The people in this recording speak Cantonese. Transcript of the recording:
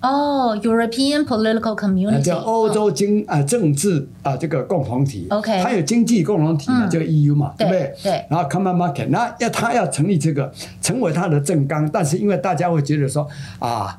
哦、oh,，European political community 那叫歐洲經啊、oh. 呃、政治啊、呃、這個共同體。OK 它有經濟共同體、嗯就 e、嘛，叫 EU 嘛，對不對？對。然後 Common Market，那要他要成立這個，成為他的政綱。但是因為大家會覺得說啊。